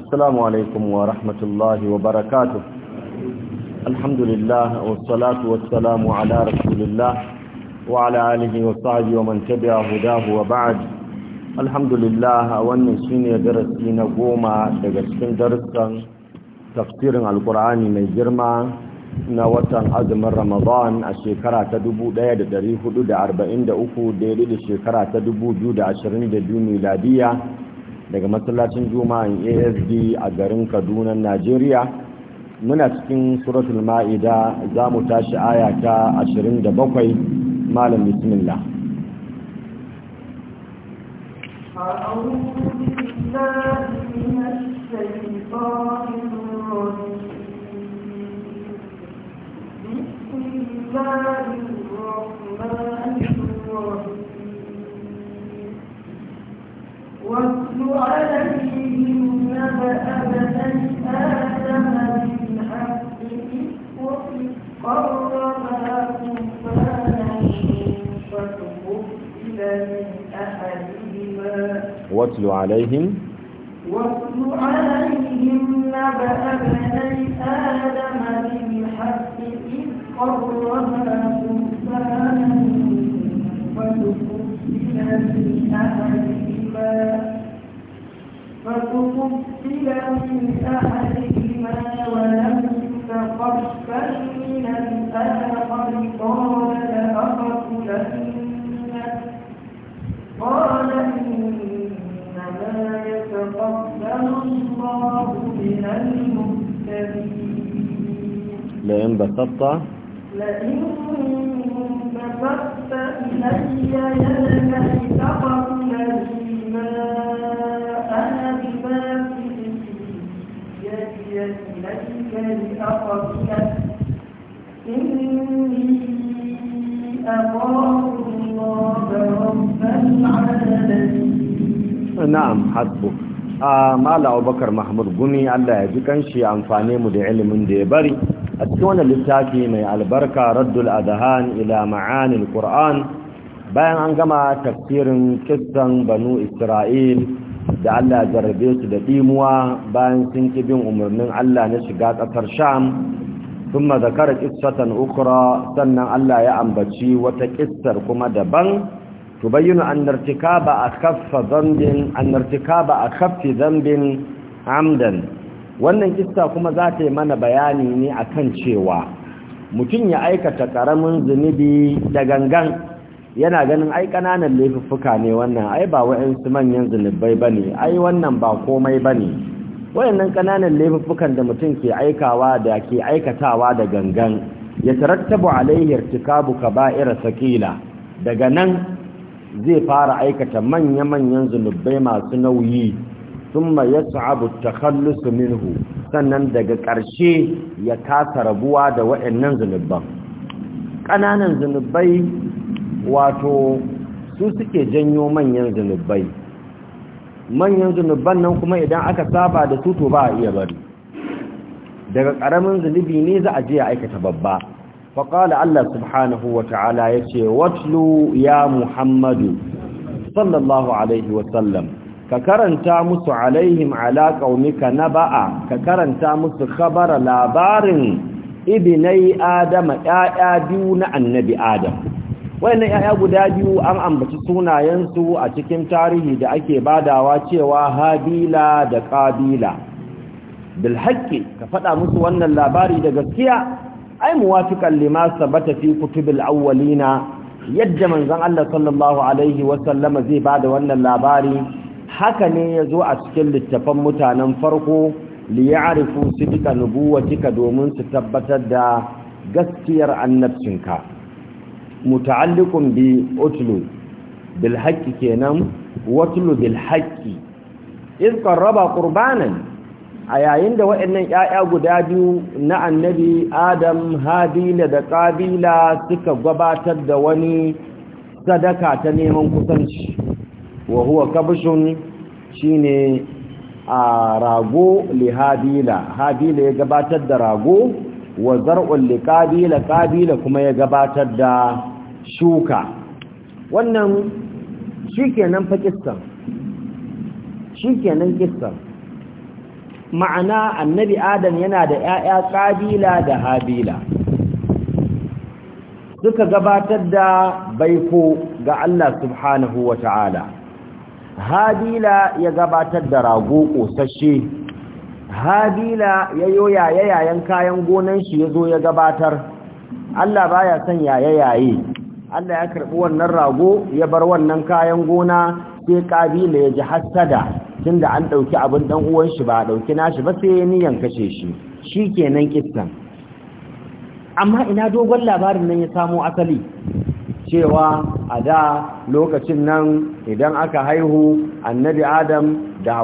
السلام عليكم ورحمة الله وبركاته الحمد لله والصلاة والسلام على رسول الله وعلى آله وصحبه ومن تبع هداه وبعد الحمد لله wannan shine darasi na goma daga cikin darussan tafsirin alkur'ani mai girma na watan azumin ramadan a shekara ta 1443 daidai da shekara ta 2022 miladiya daga masallacin juma'an asd a garin kaduna najeriya muna cikin suratul ma'ida za mu tashi aya ta 27 malam bismillah بسم الله الرحمن الرحيم واتل عليهم نبأ بني آدم إذ أحدهما واتل عليهم واتل عليهم نبأ بني آدم بالحق إذ قربا قربانا فتقبل من أحدهما فتقبل من أحدهما ولم تقبل من الآخر قال لأقتلنك قال إنما يتقبل الله من المتقين لئن بسطت لئن بسطت إلي يدك لتقتلني ما أنا بباسط يدي إليك لأقضيك إني أخاف الله رب العالمين نعم حسبك a mala abubakar mahmud gumi allah ya ji kanshi amfane mu da ilimin da ya bari a cikin wani littafi mai albarka raddul adhan ila ma'anil qur'an bayan an gama tafsirin kissan banu isra'il da Allah ya jarrabe su da dimuwa bayan sun ki bin umarnin Allah na shiga ƙasar sham sun mazakara kistatan ukura sannan Allah ya ambaci wata ƙisar kuma daban tubayyinu annartika ba a kafa zambin annartika ba a kafi zambin amdan wannan kista kuma za ta yi mana bayani ne akan cewa mutum ya aikata ƙaramin zunubi da gangan yana ganin ai kananan laifuffuka ne wannan ai ba wa'ansu manyan zunubai bane ai wannan ba komai bane wayannan kananan laifuffukan da mutum ke aikawa da ke aikatawa da gangan ya tarattabu alaihi irtikabu kaba'ira sakila daga nan zai fara aikata manya-manyan zunubai masu nauyi thumma yas'abu at-takhallus minhu sannan daga ƙarshe ya kasa rabuwa da wayannan zunuban Ƙananan zunubai wato su suke janyo manyan zunubai manyan zunuban nan kuma idan aka saba da su to ba a iya bari daga ƙaramin zunubi ne za a je a aikata babba faƙala Allah subhanahu wa ta'ala ya ce watlu ya muhammadu sallallahu alaihi wasallam ka karanta musu alaihim ala na ba'a ka karanta musu khabara labarin Ibinai adama ƴaƴa biyu na annabi adam wayannan yaya guda biyu an ambaci sunayensu a cikin tarihi da ake badawa cewa habila da Ƙabila. bil ka faɗa musu wannan labari da gaskiya ai muwafiqan lima sabata fi Auwalina. awwalina yadda manzon Allah sallallahu alaihi wa sallama zai bada wannan labari haka ne ya zo a cikin littafan mutanen farko li ya'rifu sidqa nubuwatika domin su tabbatar da gaskiyar annabcinka muta'alliqun bi utlu bil haqqi kenan watlu bil haqqi iz qarraba qurbanan a yayin da waɗannan ƴaƴa guda biyu na annabi Adam Habila da Qabila suka gabatar da wani sadaka ta neman kusanci wa huwa kabshun shine a rago li Habila Habila ya gabatar da rago wa zar'un li Qabila Qabila kuma ya gabatar da shuka wannan shikenan fa shikenan kistan ma'ana annabi adam yana da 'ya'ya kabila da habila suka gabatar da baiko ga Allah subhanahu wa habila ya gabatar da rago kosashe habila ya yoya yayayen kayan gonan shi ya zo ya gabatar Allah baya son yayayaye. Allah ya karɓi wannan rago ya bar wannan kayan gona sai ƙabila ya ji hassada tunda an ɗauki abin ɗan uwan shi ba a ɗauki nashi ba sai ya niyan kashe shi shi kenan ƙistan amma ina dogon labarin nan ya samo asali cewa a da lokacin nan idan aka haihu annabi adam da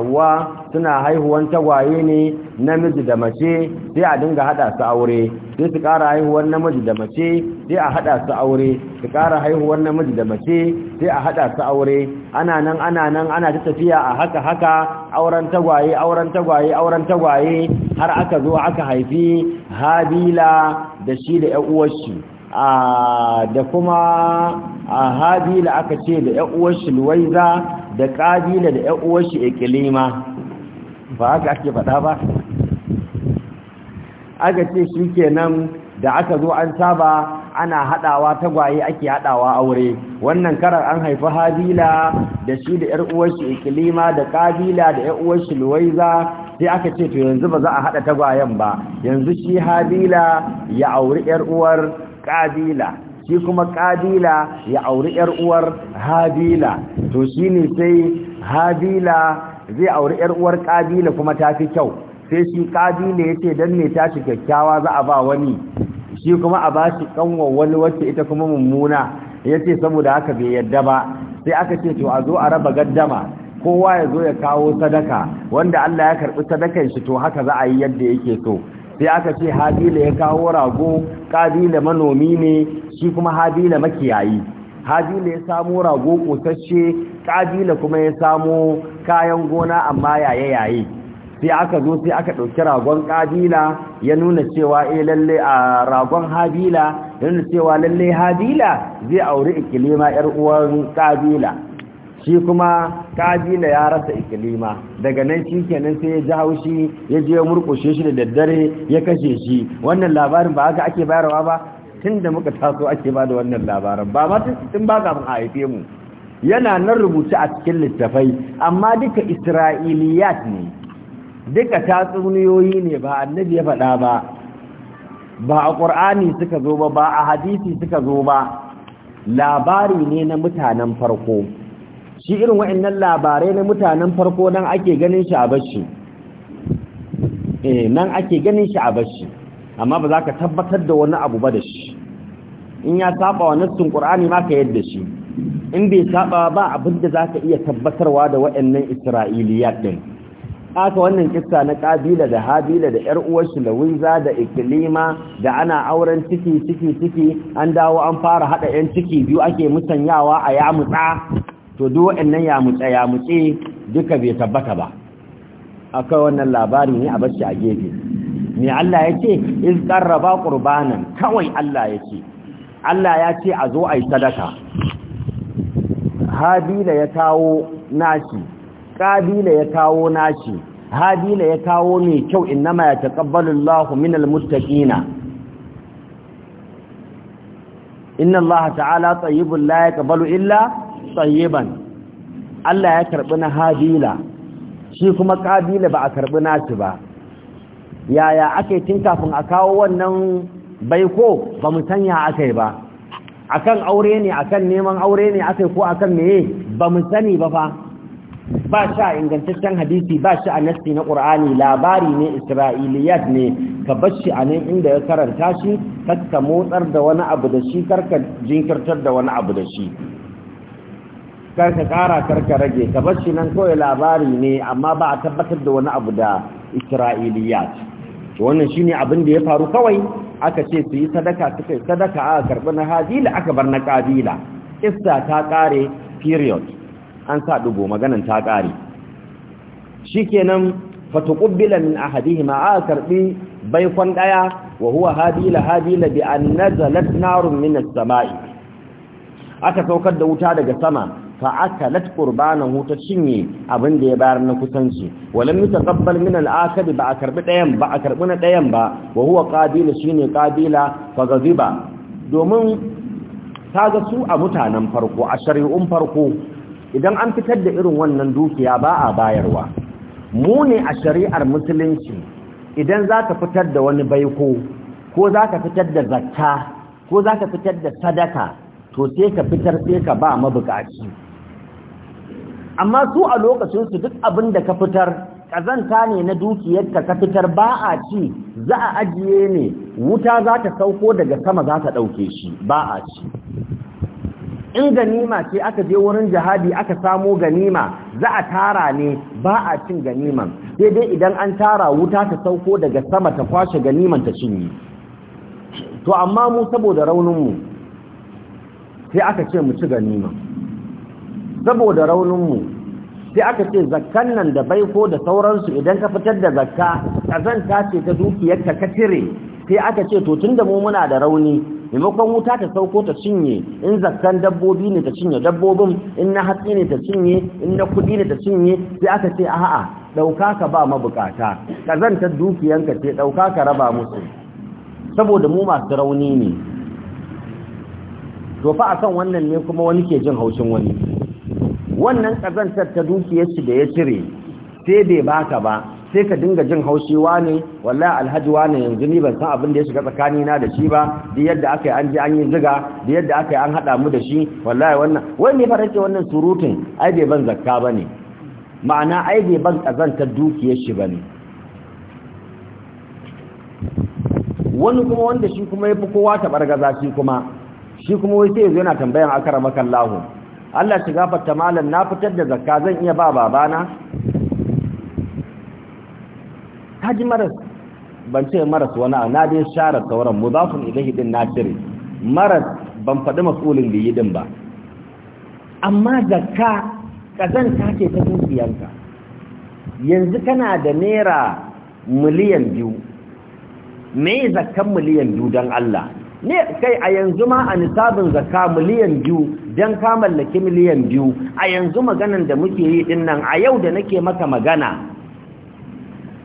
suna haihuwan tagwaye ne namiji da mace sai a dinga hada su aure sai su kara haihuwan namiji da mace sai a hada su aure su kara haihuwan namiji da mace sai a hada su aure ana nan ana nan ana ta tafiya a haka haka auren tagwaye auren tagwaye auren tagwaye har aka zo aka haifi habila da shi da ƴan uwar shi da kuma a habila aka ce da ƴan uwar shi luwaiza da ƙabila da ‘yan'uwar shi ikilima ba haka ake faɗa ba aka ce shi kenan da aka zo an saba ana haɗawa tagwaye ake haɗawa aure wannan karar an haifi habila da shi da ‘yar'uwar shi ikilima da ƙabila da ‘yar'uwar shi luwaiza sai aka ce to yanzu ba za a haɗa tagwayen ba yanzu shi habila ya auri uwar ƙabila shi kuma ƙabila ya auri yar uwar habila to shi ne sai habila zai auri yar uwar ƙabila kuma ta fi kyau sai shi kabila yace dan me ta shi kyakkyawa za a ba wani shi kuma a bashi ƙanwar wani wacce ita kuma mummuna yace saboda haka bai yadda ba sai aka ce to a zo a raba gaddama kowa ya zo ya kawo sadaka wanda Allah ya karɓi sadakan shi to haka za a yi yadda yake so sai aka ce habila ya kawo rago kabila manomi ne shi kuma habila makiyayi habila ya samo rago kosasshe kabila kuma ya samo kayan gona amma yaye yaye sai aka zo sai aka ɗauki ragon kabila ya nuna cewa eh lalle a ragon habila ya nuna cewa lalle habila zai auri ikilima yar uwan kabila shi kuma kabila ya rasa ikilima daga nan shi kenan sai ya ji haushi ya je ya murkushe shi da daddare ya kashe shi wannan labarin ba haka ake bayarwa ba tun da muka taso ake ba da wannan labarin ba ma tun ba kafin a haife mu yana nan rubuce a cikin littafai amma duka isra'iliyat ne duka tatsuniyoyi ne ba annabi ya faɗa ba ba a ƙur'ani suka zo ba ba a hadisi suka zo ba labari ne na mutanen farko shi irin wa'annan labarai na mutanen farko nan ake ganin shi a bashi eh, nan ake ganin shi a bashi amma ba za ka tabbatar da wani abu ba da shi in ya saba wa nassun ƙur'ani ma ka yadda shi in bai saba ba abin da za ka iya tabbatarwa da wa'annan Isra'iliya ɗin? aka wannan kisa na ƙabila da habila da yar uwarsu da winza da iklima da ana auren ciki ciki ciki an dawo an fara haɗa yan ciki biyu ake musanyawa a yamutsa to ya mutse-ya-mutse duka bai tabbata ba akwai wannan labari ne a bashi a gefe me Allah ya ce in qarraba qurbanan kawai Allah ya ce Allah ya ce a zo ai sadaka habila ya kawo nashi Ƙabila ya kawo nashi habila ya kawo mai kyau innama ya taqabbalu Allahu minal muttaqina inna Allah ta'ala bulla la kabalu illa tsayyiban Allah ya karɓi na habila shi kuma Kabila ba a karɓi naci ba yaya ake tun kafin a kawo wannan baiko ba mu sanya aka yi ba akan aure ne akan neman aure ne aka yi ko akan meye ba mu sani ba fa ba sha ingantaccen hadisi ba shi a nasti na ƙur'ani labari ne isra'iliyat ne ka bashi a nan inda ya karanta shi kakka motsar da wani abu da shi karka jinkirtar da wani abu da shi kar ka kara kar ka rage ka bar shi nan kawai labari ne amma ba a tabbatar da wani abu da isra'iliyat wannan shine abin da ya faru kawai aka ce su yi sadaka suka yi sadaka aka karbi na hajila aka bar na kabila kissa ta kare period an sa dubo maganan ta kare shikenan fatuqbila min ahadihima aka karbi baikon daya wa huwa hadila hadila bi an nazalat narun min as-sama'i aka saukar da wuta daga sama fa'akalat qurbanahu ta cinye abin da ya bayar na kusanci walam yutaqabbal min al-akhir ba a karbi dayan ba a karbi na dayan ba wa huwa qabila shine qabila fa gaziba domin kaga su a mutanen farko a shari'un farko idan an fitar da irin wannan dukiya ba a bayarwa mu ne a shari'ar musulunci idan zaka fitar da wani baiko ko ka fitar da zakka ko zaka fitar da sadaka to sai ka fitar sai ka ba mabukaci amma su a lokacin su duk abin da ka fitar kazanta ne na dukiyarka ka fitar ba a ci za a ajiye ne wuta za ta sauko daga sama za ta ɗauke shi ba a ci in ganima ce aka je wurin jihadi aka samo ganima za a tara ne ba a cin ganiman sai dai idan an tara wuta ta sauko daga sama ta kwashe ganiman ta cinye to amma mu saboda raunin mu sai aka ce mu ci ganiman saboda rauninmu sai aka ce zakkan nan da baiko da sauransu idan ka fitar da zakka kazanta ce ta dukiyarka ka cire sai aka ce to tunda mu muna da rauni maimakon wuta ta sauko ta cinye in zakkan dabbobi ne ta cinye dabbobin in na hatsi ne ta cinye in na kudi ne ta cinye sai aka ce a'a ɗauka ka ba mabukata kazanta dukiyanka ce ɗauka ka raba musu saboda mu masu rauni ne to fa akan wannan ne kuma wani ke jin haushin wani wannan ƙazantar ta dukiyarsu shi da ya cire sai bai baka ba sai ka dinga jin haushi ne wallahi alhaji wane yanzu ni ban san abin da ya shiga tsakani na da shi ba da yadda aka yi an ji an yi ziga da yadda aka yi an haɗa mu da shi wallahi wannan wani ne farake wannan surutun ai bai ban zakka ba ne ma'ana ai bai ban ƙazantar dukiyar shi ba ne wani kuma wanda shi kuma ya fi kowa ta gaza shi kuma shi kuma wai sai yanzu yana tambayan akara makallahu Allah shiga fata malam na fitar da zakka zan iya ba babana haji maras ban ce maras wani a na dai share sauran mudafun ilahi din na cire maras ban faɗi mas'ulin da yi din ba amma zakka ta ce ta dukiyanka yanzu kana da naira miliyan biyu me zakkan miliyan biyu don Allah ne kai a yanzu ma a nisabin zakka miliyan biyu don ka mallaki miliyan biyu a yanzu maganan da muke yi din nan a yau da nake maka magana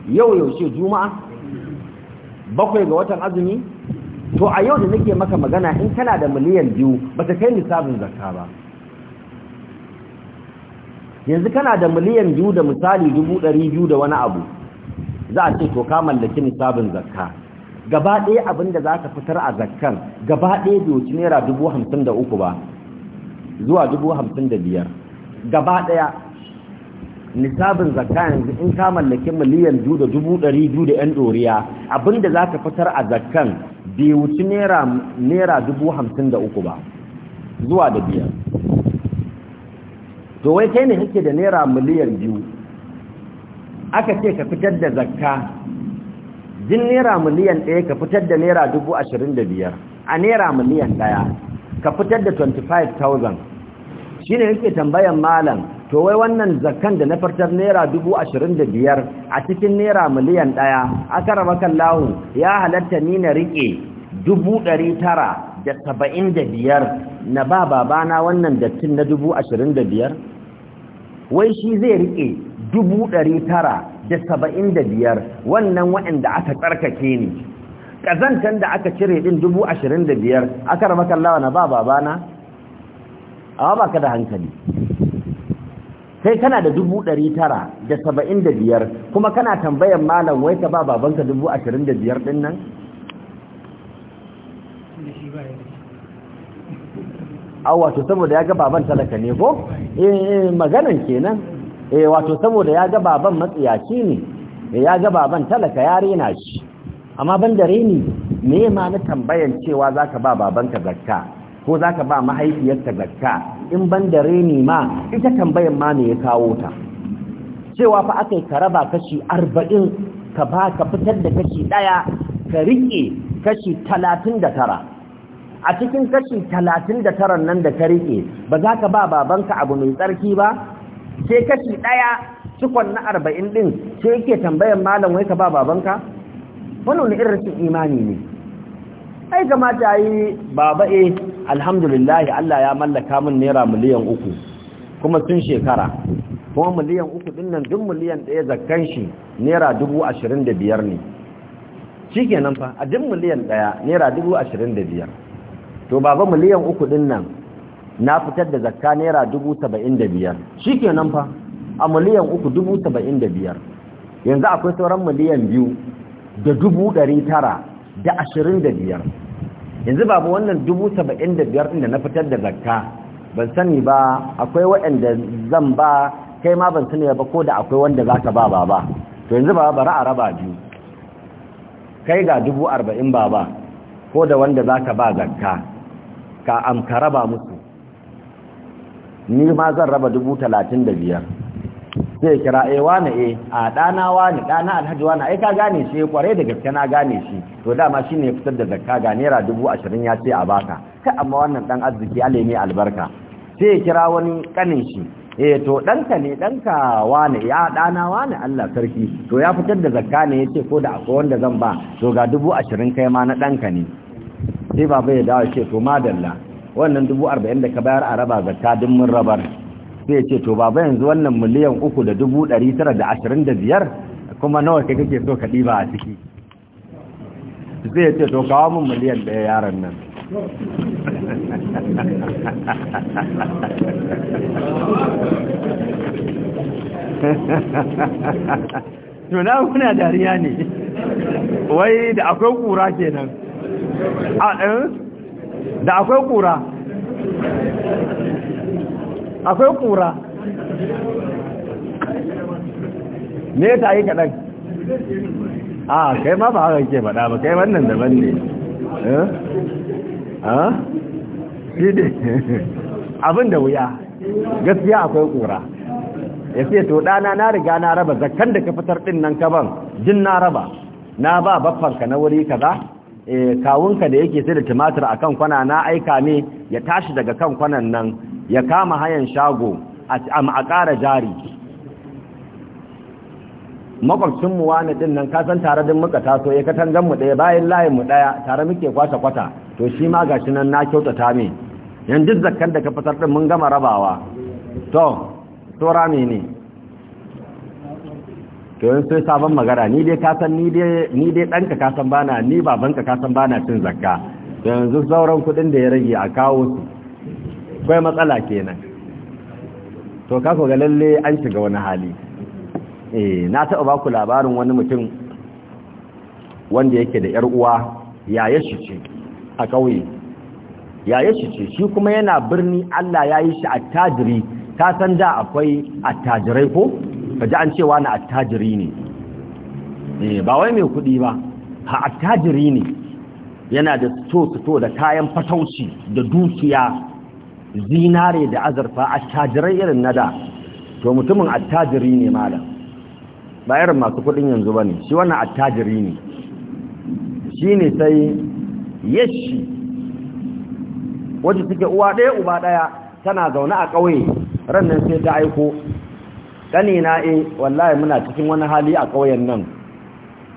yau yaushe juma'a bakwai ga watan azumi to a yau da nake maka magana in kana da miliyan biyu ba ta kai nisabin zakka ba yanzu kana da miliyan biyu da misali dubu ɗari biyu da wani abu za a ce to ka mallaki nisabin zakka gaba ɗaya abin da za ka fitar a zakkan gaba ɗaya bai wuce naira dubu hamsin da uku ba zuwa dubu hamsin da biyar gaba ɗaya nisabin zakka yanzu in ka mallaki miliyan biyu da dubu ɗari biyu da yan ɗoriya abin da za ka fitar a zakkan bai wuce naira dubu hamsin da uku ba zuwa da biyar to wai kai ne kake da naira miliyan biyu aka ce ka fitar da zakka din naira miliyan ɗaya ka fitar da naira dubu ashirin da biyar a naira miliyan ɗaya ka fitar da 25,000 shi ne yake tambayan malam to wai wannan zakan da na fartar naira dubu ashirin da biyar a cikin naira miliyan ɗaya aka raba kan lahun ya halatta ni na riƙe dubu ɗari tara da saba'in da biyar na ba babana wannan dattin na dubu ashirin da biyar wai shi zai riƙe dubu ɗari tara da saba'in da biyar wannan waɗanda aka tsarkake ne ƙazantar da aka cire ɗin dubu ashirin da biyar aka rama kallawa na ba babana a ba ka da hankali sai kana da dubu ɗari tara da saba'in da biyar kuma kana tambayan malam wai ka ba babanka dubu ashirin da biyar ɗin nan a wato saboda ya ga baban talaka ne ko eh, eh, maganan kenan eh wato saboda ya ga baban matsiyaci ne eh, ya ga baban talaka ya rena shi amma ban da reni me ma na tambayan cewa zaka ba babanka zakka ko zaka ba mahaifiyarka zakka in ban da reni ma ita tambayan ma me ya kawo ta cewa fa akai ka raba kashi 40 ka ba ka fitar da kashi daya ka rike kashi 39 a cikin kashi talatin da tara nan da ka riƙe ba za ka ba babanka abu mai tsarki ba sai kashi ɗaya cikon na arba'in ɗin sai yake tambayan malam wai ka ba babanka wani wani irin rashin imani ne ai kamata yi baba e alhamdulillahi Allah ya mallaka min naira miliyan uku kuma tun shekara kuma miliyan uku ɗin nan duk miliyan ɗaya zakkan shi naira dubu ashirin da biyar ne shi kenan fa a duk miliyan ɗaya naira dubu ashirin da biyar to baba miliyan uku ɗin nan na fitar da zakka naira dubu saba'in da biyar shi kenan fa a miliyan uku dubu saba'in da biyar yanzu akwai sauran miliyan biyu da dubu ɗari tara da ashirin da biyar yanzu babu wannan dubu saba'in da biyar inda na fitar da zakka ban sani ba akwai waɗanda zan ba kai ma ban sani ba ko da akwai wanda za ka ba ba ba to yanzu ba bari a raba biyu kai ga dubu arba'in ba ba ko da wanda za ka ba zakka ka amka raba musu ni ma zan raba dubu talatin da biyar sai kira e wane e a ɗana wane ɗana alhaji wane na ka gane shi kwarai eh, da gaske na gane shi to dama shi ne fitar da zakka ga naira dubu ashirin ya ce a baka ka amma wannan ɗan arziki alemi albarka sai kira wani ƙanin shi e to ɗanka ne ɗanka wa wane ya ɗana ne, allah sarki to ya fitar da zakka ne ya ce ko da akwai wanda zan ba to ga dubu ashirin kai ma na ɗanka ne sai baba ya dawo ce to madalla wannan dubu arba'in da ka bayar a raba ga tadin mun rabar sai ce to ba yanzu wannan miliyan uku da dubu ɗari tara da ashirin da biyar kuma nawa kai kake so ka ɗiba a ciki sai ce to kawo mun miliyan ɗaya yaron nan to na kuna dariya ne wai da akwai kura kenan a ɗin eh? da akwai kura akwai kura me ta yi kaɗan a kai ma ba haka ke faɗa ba kai wannan daban ne eh? abin da wuya gaskiya akwai kura ya ce to ɗana na riga na raba zakkan da ka fitar ɗin nan kaban jin na raba na ba baffanka na wuri kaza Eh, kawunka da yake sai da tumatir a kan kwana na aika ne ya tashi daga kan kwanan nan ya kama hayan shago a ƙara jari makwabcinmu wani ɗin nan kasan tare din muka taso ya katan mu ɗaya bayan layin mu ɗaya tare muke kwasa kwata to shi ma ga nan na kyautata me. yanzu zakkan da ka fitar ɗin mun gama rabawa to tora ne ne to sai sabon magana ni dai kasan ni dai ɗanka kasan bana ni babanka kasan bana cin zakka to yanzu sauran kuɗin da ya rage a kawo su kwai matsala kenan to ka ga lalle an shiga wani hali eh na taɓa baku labarin wani mutum wanda yake da ‘yar uwa yaya shi ce a ƙauye yaya shi ce shi kuma yana birni Allah ya yi shi attajiri ka san da akwai attajirai ko ka ji an cewa na attajiri ne eh, ba wai mai kuɗi ba ha attajiri ne yana da to-to da kayan fatauci da dukiya zinare da azurfa attajirai irin na da to mutumin attajiri ne malam ba irin masu kuɗin yanzu ba ne shi wannan attajiri ne shi ne sai yashi wajen suke uwa ɗaya uba ɗaya tana zaune a ƙauye rannan sai ta aiko na e eh, wallahi muna cikin wani hali a ƙauyen nan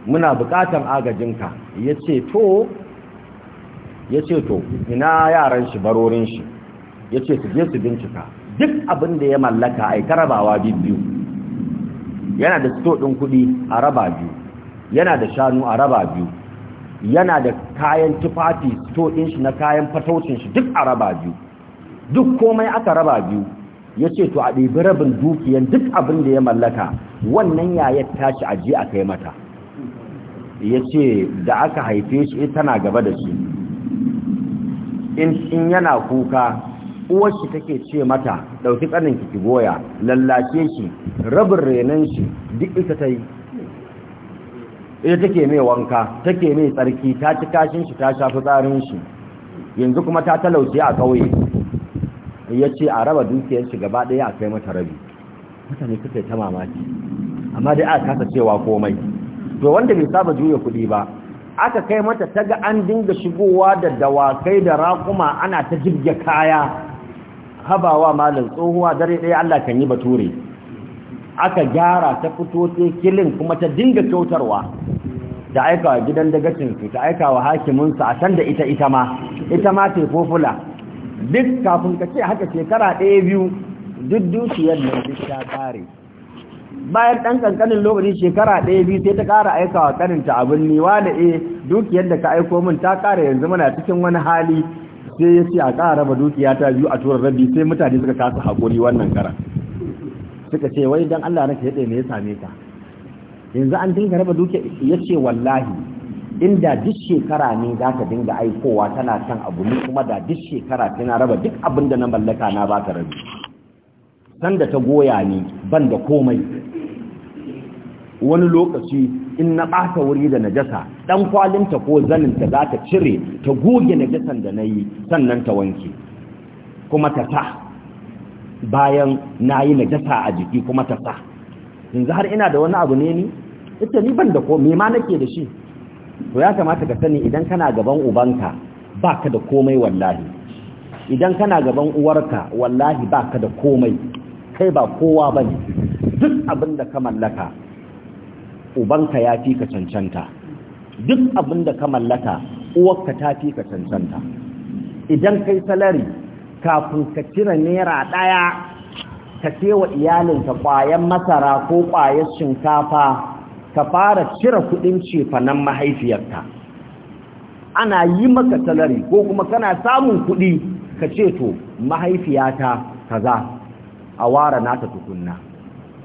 muna buƙatar agajinka yace to yace to ina yaran shi barorin shi yace su je su bincika duk abin da ya mallaka ai karabawa biyu yana da sto din kuɗi a raba biyu yana da shanu a raba biyu yana da kayan tufafi sto din shi na kayan fataucin shi duk a raba biyu duk komai aka raba biyu ya ce to a ɗibi rabin dukiyan duk abin da ya mallaka wannan yayar tashi aji a kai mata ya ce da aka haife shi tana gaba da shi in yana kuka uwarshi take ce mata ɗauki tsanin ki goya lallace shi rabin renon shi duk ita ta yi ita take mai wanka take mai tsarki ta ci kashin shi ta shafi tsarin shi yanzu kuma ta talauce a ƙauye ya ce a raba dukiyar shi gaba ɗaya a kai mata rabi mutane suka yi ta mamaki amma dai aka kasa cewa komai to wanda bai saba juya kuɗi ba aka kai mata ta ga an dinga shigowa da dawakai da raƙuma ana ta jirge kaya habawa malin tsohuwa dare ɗaya Allah kan yi bature aka gyara ta fito ta kilin kuma ta dinga kyautarwa ta aikawa gidan dagacinsu ta aikawa hakiminsu a can ita ita ma ita ma fofula duk kafin ka ce haka shekara ɗaya biyu duk dukiyar nan duk ta kare bayan ɗan kankanin lokaci shekara ɗaya biyu sai ta ƙara aika wa ƙaninta abin niwa da e dukiyar da ka aiko min ta ƙara yanzu muna cikin wani hali sai ya ce a ƙara raba dukiya ta biyu a tura rabi sai mutane suka kasa haƙuri wannan kara suka ce wai don Allah ranka ya ne ya same ka yanzu an dinga raba dukiya ya ce wallahi inda duk shekara ne za ka dinga aikowa tana kan abu ne kuma da duk shekara tana raba duk abin da na mallaka na ba ta rabi san da ta goya ni ban da komai wani lokaci in na ɓata wuri da najasa ɗan kwalinta ko zaninta za ta cire ta goge najasan da na yi sannan ta wanke kuma ta sa bayan na yi najasa a jiki kuma ta sa yanzu har ina da wani abu ne ni ita ni ban da komai ma nake da shi to ya kamata ka sani idan kana gaban ubanka baka da komai wallahi idan kana gaban uwarka wallahi baka da komai kai ba kowa bane duk abin da ka mallaka ubanka ya fi ka cancanta duk abin da ka mallaka uwarka ta fi ka cancanta idan kai salari kafin ka cire naira ɗaya ka ce wa iyalinka kwayan masara ko kwayan shinkafa ka fara cire kuɗin cefanen mahaifiyarta, ana yi maka talari ko kuma kana samun kuɗi ka ce to mahaifiyata kaza a ware nata tukunna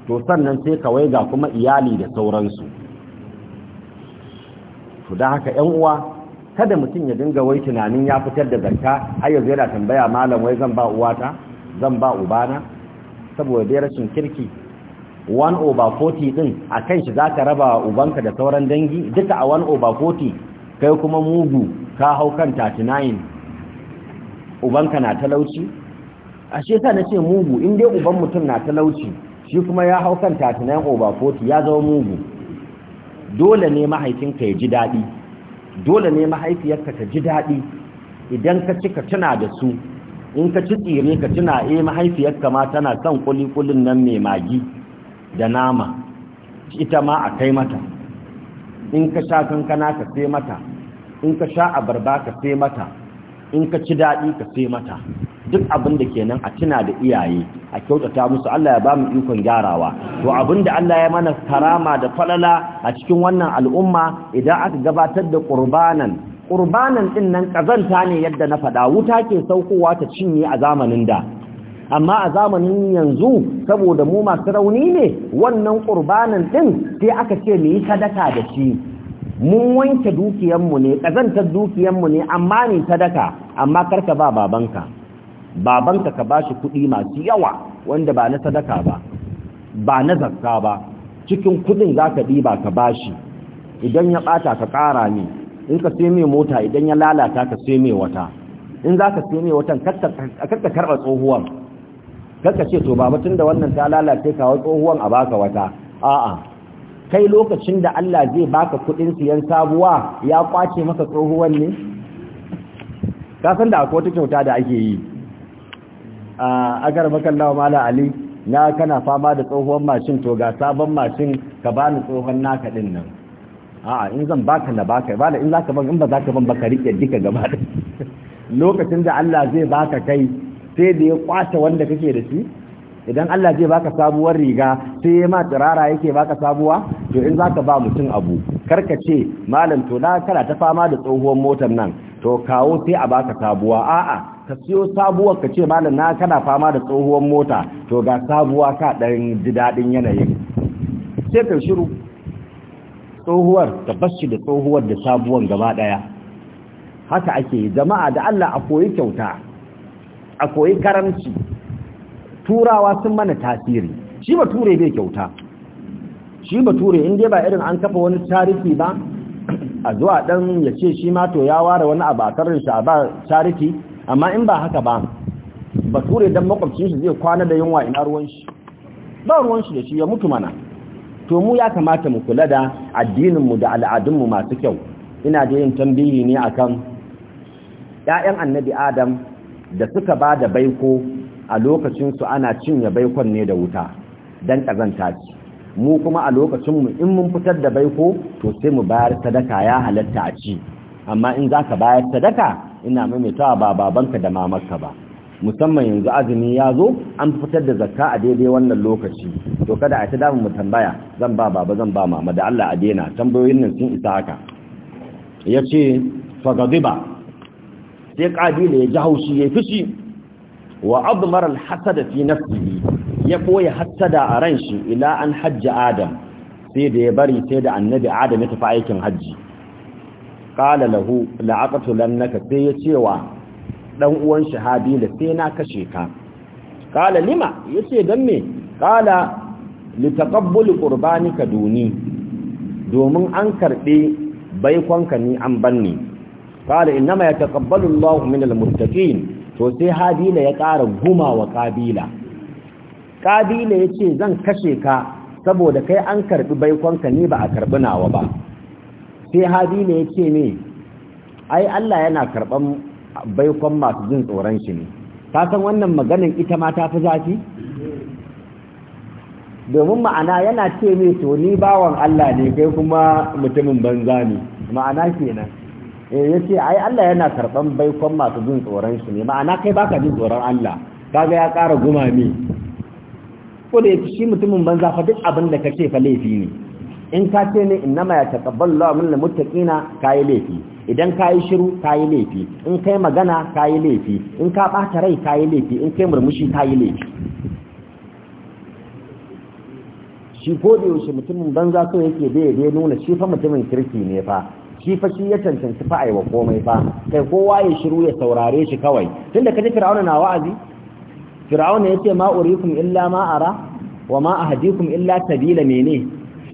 to sannan sai ka ga kuma iyali da sauransu to da haka 'yan uwa kada mutum ya dinga wai tunanin ya fitar da zakka har yanzu yana tambaya malam wai zan ba uwata zan ba ubana saboda dai rashin kirki 1 over 40 din a kan shi za ka raba ubanka da sauran dangi duka a 1 over 40 kai kuma mugu ka hau kan 39 ubanka na talauci a shi na ce mugu in dai uban mutum na talauci shi kuma ya hau kan 39 over 40 ya zama mugu dole ne mahaifinka ya ji daɗi dole ne mahaifiyarka ta ji daɗi idan ka ci ka tuna da su in ka ci tsire ka tuna eh mahaifiyarka ma tana son kulikulin nan mai magi da nama ita ma a kai mata in ka sha kankana ka sai mata in ka sha abarba ka sai mata in ka ci daɗi ka sai mata duk abin da kenan a tuna da iyaye a kyautata musu Allah ya ba mu ikon gyarawa to abin da Allah ya mana karama da falala a cikin wannan al'umma idan aka gabatar da qurbanan qurbanan din nan kazanta ne yadda na faɗa wuta ke saukowa ta cinye a zamanin da amma a zamanin yanzu saboda mu masu rauni ne wannan ƙurbanin ɗin sai aka ce mu sadaka da shi mun wanke dukiyanmu ne Ƙazantar dukiyanmu ne amma ni sadaka amma karka ba babanka babanka ka ba shi kuɗi masu yawa wanda ba na sadaka ba ba na zakka ba cikin kuɗin za ka ɗiba ka ba shi. idan ya ɓata ka ƙara ne in ka sai mai mota idan ya lalata ka sai mai wata in za ka sai mai watan kakka karɓa tsohuwan kaka ce to baba da wannan ta lalace kawo tsohuwan a baka wata a'a kai lokacin da Allah zai baka kudin siyan sabuwa ya kwace maka tsohuwan ne ka san da akwai wata kyauta da ake yi a agar makallawa mala ali na kana fama da tsohuwan mashin to ga sabon mashin ka bani tsohon naka din nan a'a in zan baka na baka bala in zaka ban in ba zaka ban baka rike dika gaba da lokacin da Allah zai baka kai sai da ya kwace wanda kake da shi idan Allah zai baka sabuwar riga sai ya ma tsirara yake baka sabuwa to in zaka ba mutum abu karka ce malam to na kana ta fama da tsohuwar motar nan to kawo sai a baka sabuwa a'a ka siyo sabuwar ka ce malam na kana fama da tsohuwar mota to ga sabuwa ka dan ji dadin yanayin sai ka shiru tsohuwar ta bashi da tsohuwar da sabuwar gaba daya haka ake jama'a da Allah a koyi kyauta a koyi karanci, turawa sun mana tasiri shi ba ture bai kyauta shi ba ture in ba irin an kafa wani tarihi ba a zuwa dan ya ce shi ma to ya ware wani abu a karin a ba tarihi amma in ba haka ba ba ture dan makwabcin shi zai kwana da yunwa ina ruwan shi ba ruwan shi da shi ya mutu mana to mu ya kamata mu kula da addinin mu da al'adun mu masu kyau ina da yin tambayi ne akan ƴaƴan annabi adam da suka ba da baiko a lokacinsu ana cinye baikon ne da wuta don ƙazanta ce mu kuma a lokacinmu in mun fitar da baiko to sai mu bayar sadaka ya halatta a ci amma in za ka bayar sadaka ina maimaitawa ba babanka da mamarka ba musamman yanzu azumi ya zo an fitar da zakka a daidai wannan lokaci to kada a ta damu mu tambaya zan ba baba zan ba mama da Allah a daina tambayoyin nan sun isa haka yace fagadiba sai ƙabila ya ji haushi ya fishi wa admar al-hasada fi nafsihi ya koya hasada a ran shi ila an hajji adam sai da ya bari sai da annabi adam ya tafi aikin hajji qala lahu lannaka, sai ya cewa dan uwan shi habila sai na kashe ka qala lima yace dan me qala litaqabbul qurbanika duni domin an karbe baikonka ni an banni قال إنما يتقبل الله من المتقين فسي هابيل ƙabila. Ƙabila ya ce zan kashe ka saboda kai an karɓi baikonka ne ba a karbi nawa ba sai hadi ya ce ne ai Allah yana karban baikon masu jin tsoron shi ne ta san wannan maganin ita ma ta fi zafi domin ma'ana yana ce ne to ni bawan Allah ne kai kuma mutumin banza ne ma'ana kenan Eh, ya ce ai Allah yana karɓan baikon masu jin tsoron shi ne ma'ana kai baka jin tsoron Allah kaga ya ƙara gumami. ko da yake shi mutumin banza fa duk abin da kake fa laifi ne in ka ce ne innama ya taqabbalu min minal muttaqina kai laifi idan kai shiru kai laifi in kai magana kai laifi in ka bata rai kai laifi in kai murmushi kai laifi shi ko da yaushe mutumin banza so yake bai bai nuna shi fa mutumin kirki ne fa shi fa shi ya cancanci fa komai fa kai kowa ya shiru ya saurare shi kawai tunda kaji fir'auna na wa'azi fir'auna yace ma urikum illa ma ara wa ma illa sabila mene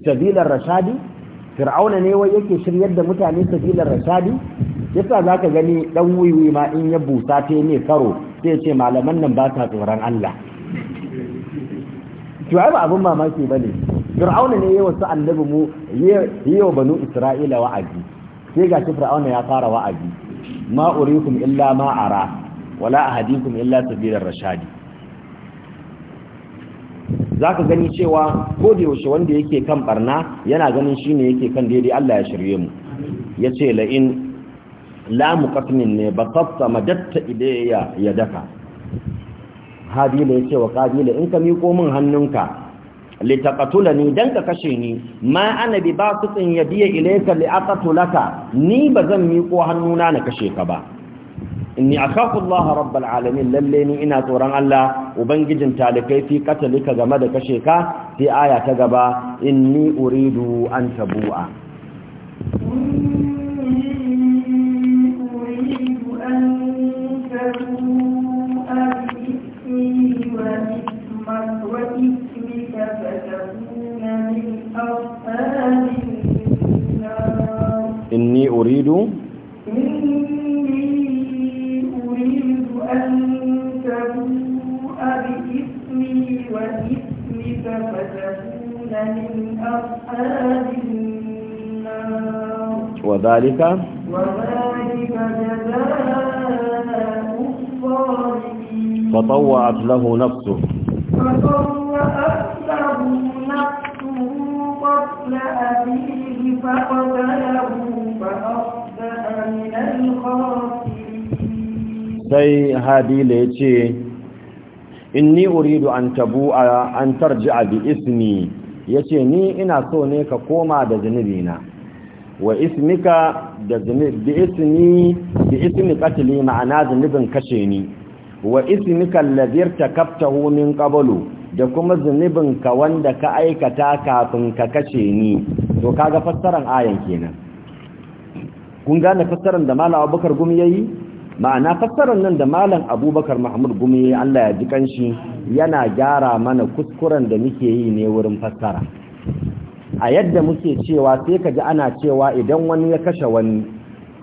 sabilar rashadi fir'auna ne wai yake shiryar da mutane sabilar rashadi yasa zaka gani dan wiwi ma in ya busa ta ne karo sai ce malaman nan ba sa tsoron Allah to ba abin mamaki bane fir'auna ne yayin wasu annabi mu wa banu isra'ila wa'azi sai ga shi fir'auna ya fara wa'azi ma urikum illa ma ara wala ahadikum illa sabilar rashadi zaka gani cewa ko da yaushe wanda yake kan barna yana ganin shine yake kan daidai Allah ya shirye mu yace la in la muqatmin ne basatta madatta ilayya yadaka ne yace wa qabila in ka miko min hannunka litaqatulani dan ka kashe ni ma ana bi basitin yadiya ilayka liaqatulaka ni bazan miko hannuna na kashe ka ba inni akhafu Allah rabbal alamin lalle ni ina tsoron Allah ubangijin talikai fi katalika game da kashe ka sai aya ta gaba inni uridu an tabu'a إني أريد إني أريد أن تبوء بإثمي وإثمك فتكون من أصحاب النار وذلك وذلك جزاء الظالمين فطوعت له نفسه فطوعت له نفسه قتل أبيه فقتله sai habila ya ce inni uridu an tabu an a bi ismi yace ni ina so ne ka koma da zunubina wa ismika da zunubi ismi bi ismi katili ma'ana zunubin kashe ni wa ismika ta kafta min qablu da kuma zunubin ka wanda ka aikata kafin ka kashe ni to kaga fassaran ayan kenan kun gane fassaran da malawa bukar gumi yayi ma'ana fassarar nan da malam abubakar mahmud gumi allah ya ji kanshi yana gyara mana kuskuren da muke yi ne wurin fassara a yadda muke cewa sai ka ji ana cewa idan wani ya kashe wani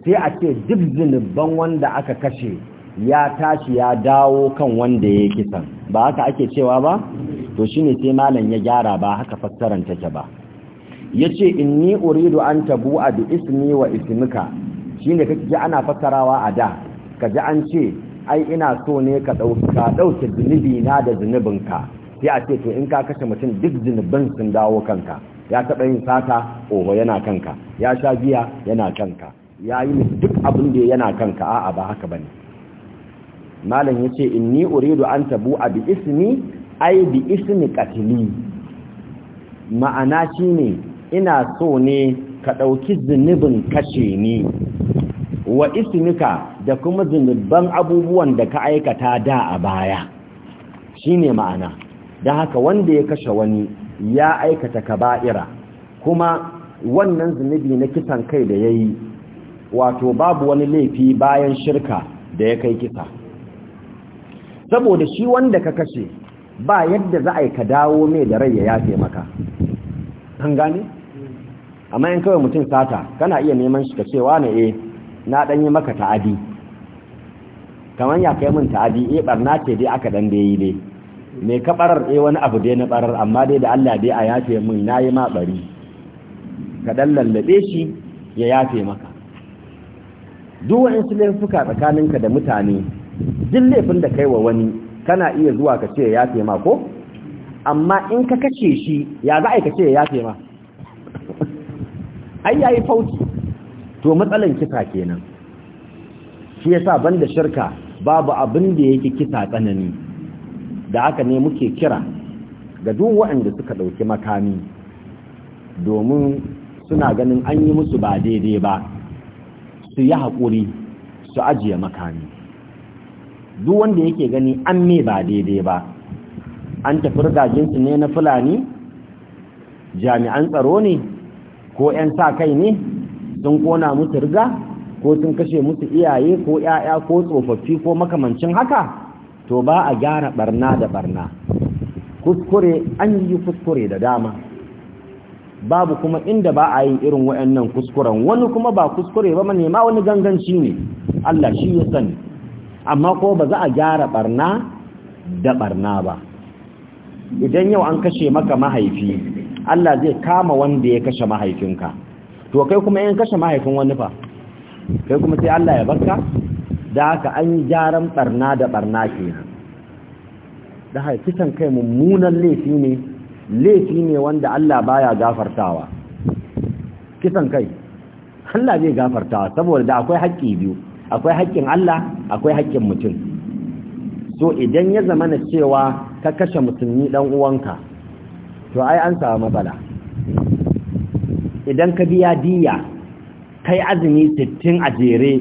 sai a ce duk zunubban wanda aka kashe ya tashi ya dawo kan wanda ya kisan ba haka ake cewa ba to shine sai malam ya gyara ba haka fassarar take ba Ya ce yace inni uridu an a bi ismi wa ismika Shi ne kake ji ana fassarawa a da ka ji an ce ai ina so ne ka ɗauke zunubi na da zunubinka sai a ce to in ka kashe mutum duk zunubin sun dawo kanka ya taɓa yin sata oho yana kanka ya sha giya yana kanka ya yi duk abin da yana kanka a'a ba haka bane malam yace inni uridu an tabu bi ismi ai bi ismi katili ma'ana shine ina so ne ka ɗauki zunubin kashe ni wa ismika da kuma zunubban abubuwan da ka aikata da a baya shine ma'ana da haka wanda ya kashe wani ya aikata ka kaba'ira kuma wannan zunubi na kisan kai da ya yi wato babu wani laifi bayan shirka da ya kai kisa saboda shi wanda ka kashe ba yadda za a yi ka dawo mai da rai ya yafe maka an gane? amma in kawai mutum sata kana iya neman shi ka cewa eh, na e na ɗanyi maka ta'adi kamar ya kai mun ta'adi eh barna ce dai aka dan da yi dai me ka barar eh wani abu dai na barar amma dai da Allah dai a yafe mun nayi ma bari ka dan lallabe shi ya yafe maka duk wani su laifuka tsakaninka da mutane duk laifin da kai wa wani kana iya zuwa ka ce ya yafe ma ko amma in ka kace shi ya za a ce ya yafe ma ai yayi fauci to matsalan kisa kenan shi yasa banda shirka babu abin da yake kisa tsanani da haka ne muke kira ga duk waɗanda suka ɗauki makami domin suna ganin an yi musu ba daidai ba su yi haƙuri su ajiye makami duk wanda yake gani an me ba daidai ba an tafi rigajinsu ne na fulani jami'an tsaro ne ko 'yan sa kai ne sun kona musu riga ko sun kashe musu iyaye ko ‘ya'ya ko tsofaffi ko makamancin haka to ba a gyara barna da barna kuskure an yi kuskure da dama babu kuma inda ba a yi irin waɗannan kuskuren wani kuma ba kuskure ba mane ma wani ganganci ne Allah shi ya sani amma ko ba za a gyara barna da barna ba idan yau an kashe maka mahaifi Allah zai kama wanda ya kashe mahaifinka to kai kuma in kashe mahaifin wani fa kai kuma sai Allah ya barka da haka an yi gyaran barna da barna kenan da haka kisan kai mummunan laifi ne laifi ne wanda Allah baya gafartawa kisan kai Allah zai gafartawa saboda da akwai haƙƙi biyu akwai haƙƙin Allah akwai haƙƙin mutum so idan ya zama na cewa ka kashe musulmi dan uwanka to ai an samu matsala idan ka biya diya kai azumi sittin a jere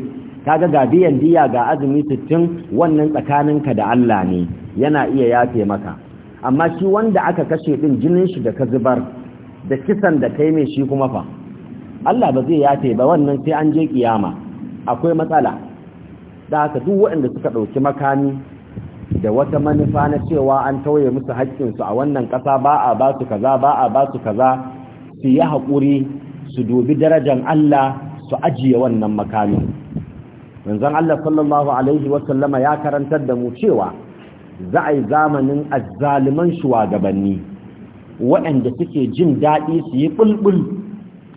kaga ga biyan diya ga azumi sittin wannan tsakaninka da Allah ne yana iya yafe maka amma shi wanda aka kashe din jinin shi da ka zubar da kisan da kai mai shi kuma fa Allah ba zai yafe ba wannan sai an je kiyama akwai matsala da haka duk waɗanda suka ɗauki makami da wata manufa na cewa an tauye musu haƙƙinsu a wannan ƙasa ba a ba su kaza ba a ba su kaza su yi haƙuri su dubi darajar Allah su ajiye wannan makamin manzon Allah sallallahu alaihi wasallama ya karantar da mu cewa za a yi zamanin azzaliman shugabanni waɗanda suke jin daɗi su yi bulbul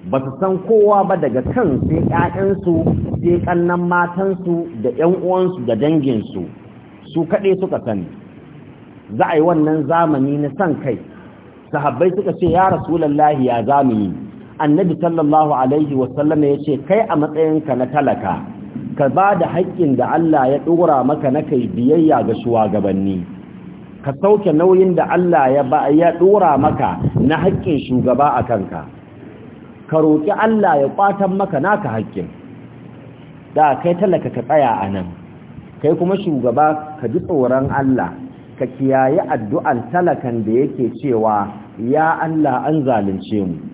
ba su san kowa ba daga kan sai ƴaƴansu sai ƙannan matansu da ƴan uwansu da danginsu su kaɗai suka sani za a yi wannan zamani na san kai sahabbai suka ce ya rasulallahi ya zamani annabi sallallahu alaihi wasallam ya ce kai a matsayinka na talaka ka ba da haƙƙin da Allah ya ɗora maka na kai biyayya ga shugabanni ka sauke nauyin da Allah ya ya ɗora maka na haƙƙin shugaba a kanka ka roƙi Allah ya ƙwatan maka naka haƙƙin da kai talaka ka tsaya a nan kai kuma shugaba ka ji tsoron Allah ka kiyaye addu'an talakan da yake cewa ya Allah an zalunce mu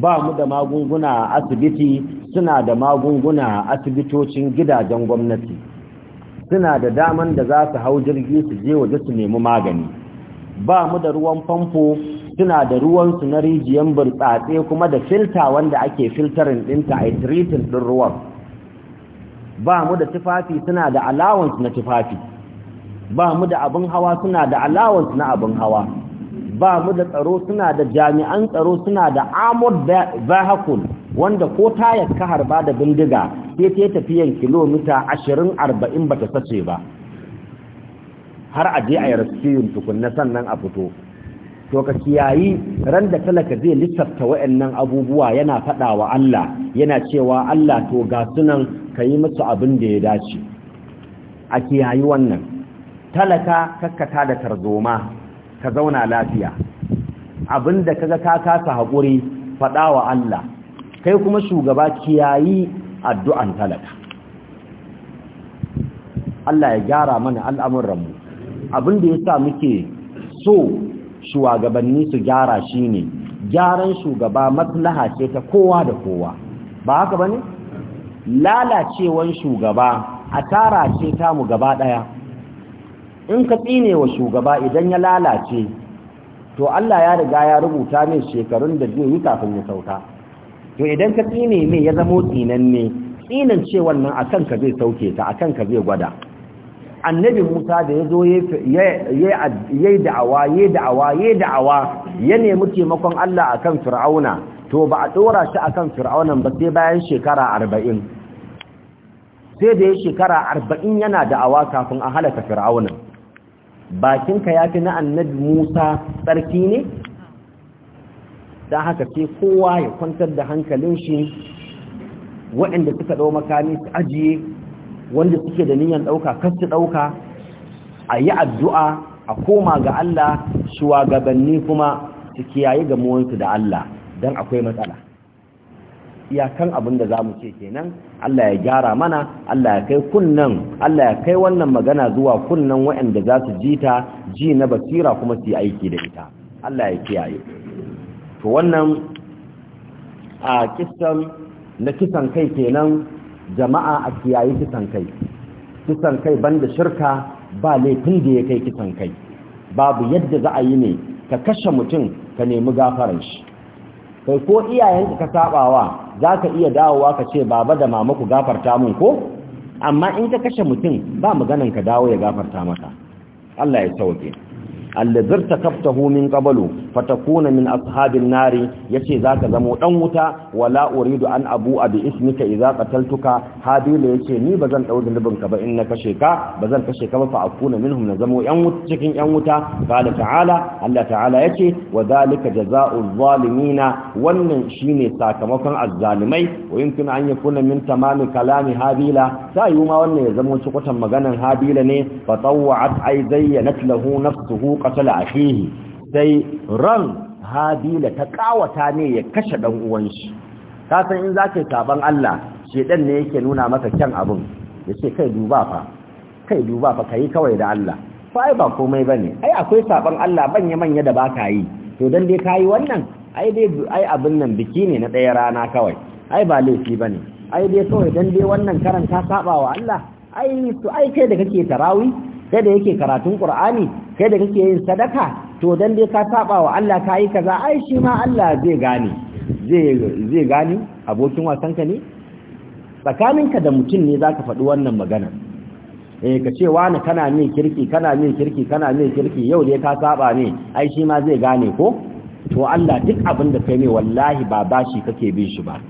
ba mu da magunguna a asibiti suna da magunguna a asibitocin gidajen gwamnati suna da daman da za su hau jirgi su je waje su nemi magani ba mu da ruwan famfo suna da ruwansu na rijiyar burtsatse kuma da filta wanda ake filtarin dinta a tiritin ɗin ruwan ba mu da tufafi suna da allowance na tufafi ba mu da abin hawa suna da allowance na abin hawa ba mu da tsaro suna da jami'an tsaro suna da armored vehicle wanda ko tayar ka harba da bindiga sai ta tafiyan kilomita ashirin arba'in ba ta sace ba har a je a yi yin tukunna sannan a fito to ka kiyayi ran da talaka zai lissafta wayannan abubuwa yana faɗa wa Allah yana cewa Allah to ga sunan ka yi musu abin da ya dace a kiyayi wannan talaka kakkata da tarzoma ka zauna lafiya abinda kaga ka kasa haƙuri faɗa wa Allah kai kuma shugaba kiyayi addu'an talaka Allah ya gyara mana al'amuranmu abinda ya sa muke so shugabanni su gyara shine gyaran shugaba maslaha ce ta kowa da kowa ba haka bane lalacewan shugaba a tara ce ta mu gaba ɗaya. in ka tsine wa shugaba idan ya lalace to Allah ya riga ya rubuta min shekarun da zai yi kafin ya sauka to idan ka tsine me ya zamo ne, tsinan ce wannan akan ka zai sauke ta akan ka zai gwada annabi Musa da ya zo ya yi da'awa ya da'awa ya da'awa ya nemi taimakon Allah akan Fir'auna to ba a dora shi akan Fir'aunan ba sai bayan shekara arba'in sai da ya shekara arba'in yana da'awa kafin a halaka Fir'aunan bakinka ya fi na annabi musa tsarki ne don haka sai kowa ya kwantar da hankalin shi waɗanda suka ɗau makami su ajiye wanda suke da niyan ɗauka kar su ɗauka a yi addu'a a koma ga Allah shuwagabanni kuma su kiyaye gamuwansu da Allah don akwai matsala iyakan abin da zamu ce kenan Allah ya gyara mana Allah ya kai kunnan Allah ya kai wannan magana zuwa kunnan waɗanda za su ji ta ji na basira kuma su yi aiki da ita Allah ya kiyaye to wannan a kisan na kisan kai kenan jama'a a kiyaye kisan kai kisan kai banda shirka ba laifin da ya kai kisan kai babu yadda za a yi ne ka kashe mutum ka nemi gafaran shi kai ko iyayenki ka sabawa za ka iya dawowa ka ce baba da mama ku gafarta mun ko amma in ka kashe mutum ba maganan ka dawo ya gafarta maka Allah ya sauke allazi irtakaftahu min qablu fatakuna min ashabin nari yace zaka zamo dan wuta wala uridu an abu abi ismika idza qataltuka hadila yace ni bazan dau zulubin ka ba in na kashe ka bazan kashe ka ba fa akuna minhum na zamo yan wuta cikin yan wuta qala ta'ala Allah ta'ala yace wa zalika jazaa'uz zalimina wannan shine sakamakon azzalimai wa yumkin an yakuna min tamami kalami habila sai yuma wannan ya zamo cikin maganan habila ne fa tawwa'at ay zayyanat lahu nafsuhu qatala akhihi sai ran habila ta kawata ne ya kashe dan uwan shi ka san in zaka yi taban Allah shedan ne yake nuna maka kyan abun yace kai duba fa kai duba fa kai kawai da Allah fa ai ba komai bane ai akwai saban Allah banya manya da baka yi to dan dai kai wannan ai dai ai abin nan biki ne na daya rana kawai ai ba laifi bane ai dai kawai dan dai wannan karanta ka saba wa Allah ai to ai kai da kake tarawi Kada da yake karatun Qur'ani kai da kake yin sadaka to dan dai ka saba wa Allah ka yi kaza ai shi ma Allah zai gane zai zai gane abokin wasanka ne tsakaninka da mutum ne zaka faɗi wannan magana eh ka ce wani kana min kirki kana min kirki kana min kirki yau dai ka saba ne ai shi ma zai gane ko to Allah duk abin da kai ne wallahi ba bashi kake bin shi ba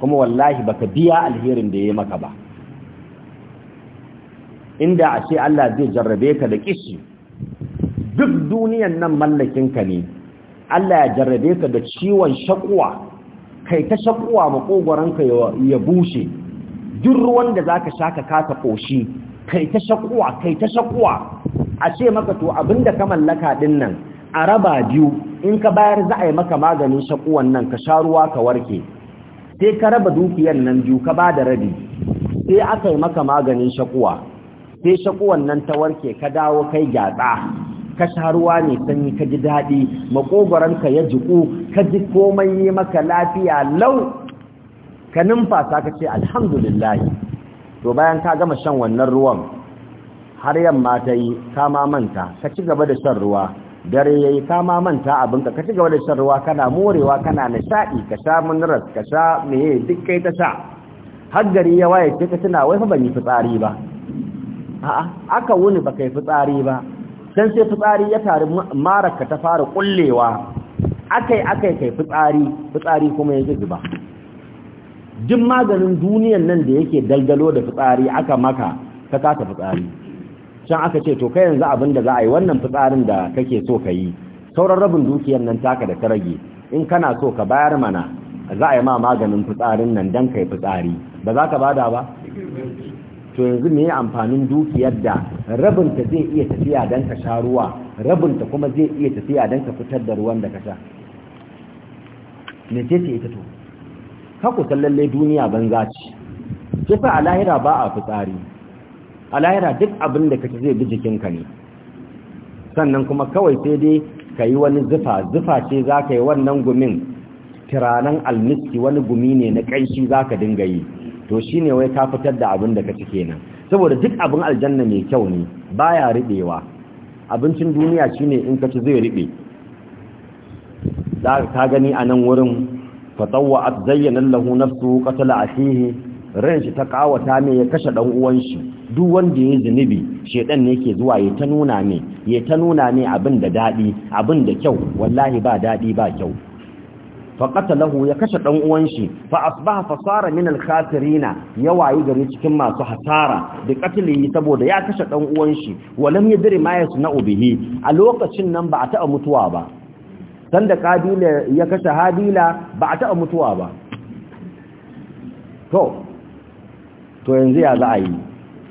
kuma wallahi baka biya alherin da yayi maka ba inda a ce Allah zai jarrabe ka da kishi duk duniyan nan mallakinka ne Allah ya jarrabe ka da ciwon shakuwa kai ta shakuwa makogoranka ya bushe duk ruwan da zaka sha ka kasa koshi kai ta shakuwa kai ta shakuwa a ce maka to abinda ka mallaka din nan a raba biyu in ka bayar za a yi maka maganin shakuwan nan ka sha ruwa ka warke sai ka raba dukiyan nan biyu ka ba da rabi sai aka yi maka maganin shakuwa sai shakuwan nan ta warke ka dawo kai gyatsa ka sha ruwa mai sanyi ka ji daɗi makogoranka ya jiku ka ji komai yi maka lafiya lau ka numfasa ka ce alhamdulillah to bayan ka gama shan wannan ruwan har yamma ta yi kama manta ka ci gaba da shan ruwa dare ya yi kama manta abin ka ci gaba da shan ruwa kana morewa kana nishaɗi ka sha munras ka sha meye duk kai ta sha har gari ya waye ce ka tuna wai fa ban yi fitsari ba a'a aka wuni ba kai fitsari ba dan sai fitsari ya tare maraka ta fara kullewa akai akai kai fitsari fitsari kuma ya zuba duk maganin duniyan nan da yake dalgalo da fitsari aka maka ka kasa fitsari can aka ce to kai yanzu abin da za a yi wannan fitsarin da kake so ka yi sauran rabin dukiyar nan taka da ta rage in kana so ka bayar mana za a yi ma maganin fitsarin nan don kai fitsari ba za ka bada ba to yanzu me amfanin dukiyar da rabinta zai iya tafiya don ka sha ruwa rabinta kuma zai iya tafiya don ka fitar da ruwan da ka sha mece ce ita to haku lallai duniya banza ce ke fa a lahira ba a fitsari a lahira duk abin da kake zai bi jikinka ne sannan kuma kawai sai dai ka yi wani zufa zufa ce za ka yi wannan gumin tiranan almiski wani gumi ne na ƙanshi za ka dinga yi to ne wai ka fitar da abin da ka ci kenan saboda duk abin aljanna mai kyau ne baya riɓewa. abincin duniya shi ne in ka ci zai riɓe. da ka gani a nan wurin a zayyana lahu nafsu a asihi ran shi ta kawata mai ya kashe ɗan uwan shi duk wanda yayi zunubi shedan ne ke zuwa ya ta nuna ne ya ta nuna mai abin da daɗi abin da kyau wallahi ba daɗi ba kyau faqatalahu ya kashe ɗan'uwanshi, uwan shi fa asbaha fasara min al ya wayi gari cikin masu hasara da katili saboda ya kashe dan uwan ya walam yadri ma a lokacin nan ba a taɓa mutuwa ba sanda kabila ya kashe habila ba a taɓa mutuwa ba to to yanzu ya za a yi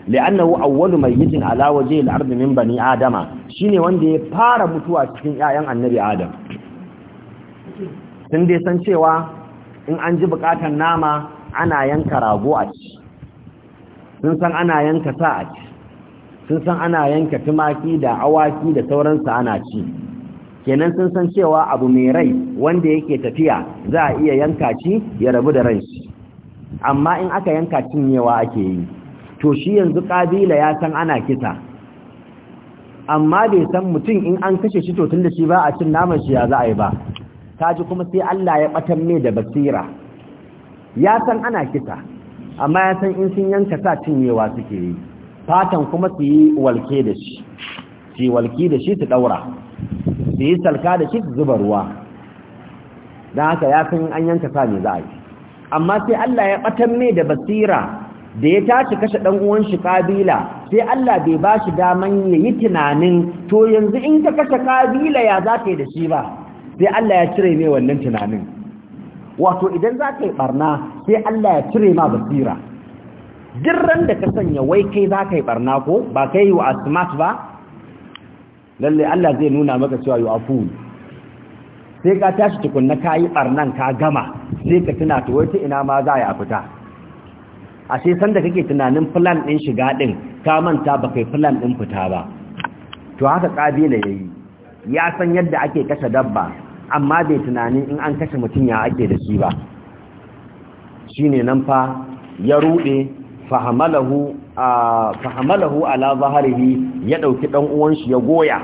li'annahu awwalu mayyitin ala wajhi al-ard min bani adama shine wanda ya fara mutuwa cikin 'ya'yan annabi adam sun dai san cewa in an ji bukatar nama ana yanka rago a ci sun san ana yanka sa a ci sun san ana yanka tumaki da awaki da sauransu ana ci kenan sun san cewa abu mai rai wanda yake tafiya za a iya yanka ci ya rabu da ranshi amma in aka yanka cinyewa ake yi to shi yanzu kabila ya san ana kisa amma bai san mutum in an kashe shi to tun da shi ba a cin naman shi ya za a yi ba kaji kuma sai Allah ya batan mai da basira ya san ana kisa amma ya san in sun yanka sa cinyewa suke yi fatan kuma su yi walke da shi su yi walki da shi su daura su yi salka da shi su zuba ruwa don haka ya san an yanka sa ne za yi amma sai Allah ya batan mai da basira da ya tashi kashe ɗan uwan shi kabila sai Allah bai ba shi daman ya yi tunanin to yanzu in ka kashe kabila ya za ka yi da shi ba sai Allah ya cire mai wannan tunanin wato idan za ka yi barna sai Allah ya cire ma basira girran da ka sanya wai kai za ka yi barna ko ba kai yi wa asmat ba lalle Allah zai nuna maka cewa yi afu sai ka tashi tukunna ka yi barnan ka gama sai ka tuna to ina ma za a fita ashe sanda kake tunanin plan ɗin shiga ɗin, ka manta ba kai plan din fita ba to haka kabila yayi ya san yadda ake kashe dabba amma bai tunanin in an kashe mutum ya ake da shi ba Shi ne nan fa ya rude fahamalahu a ala ya dauki dan ya goya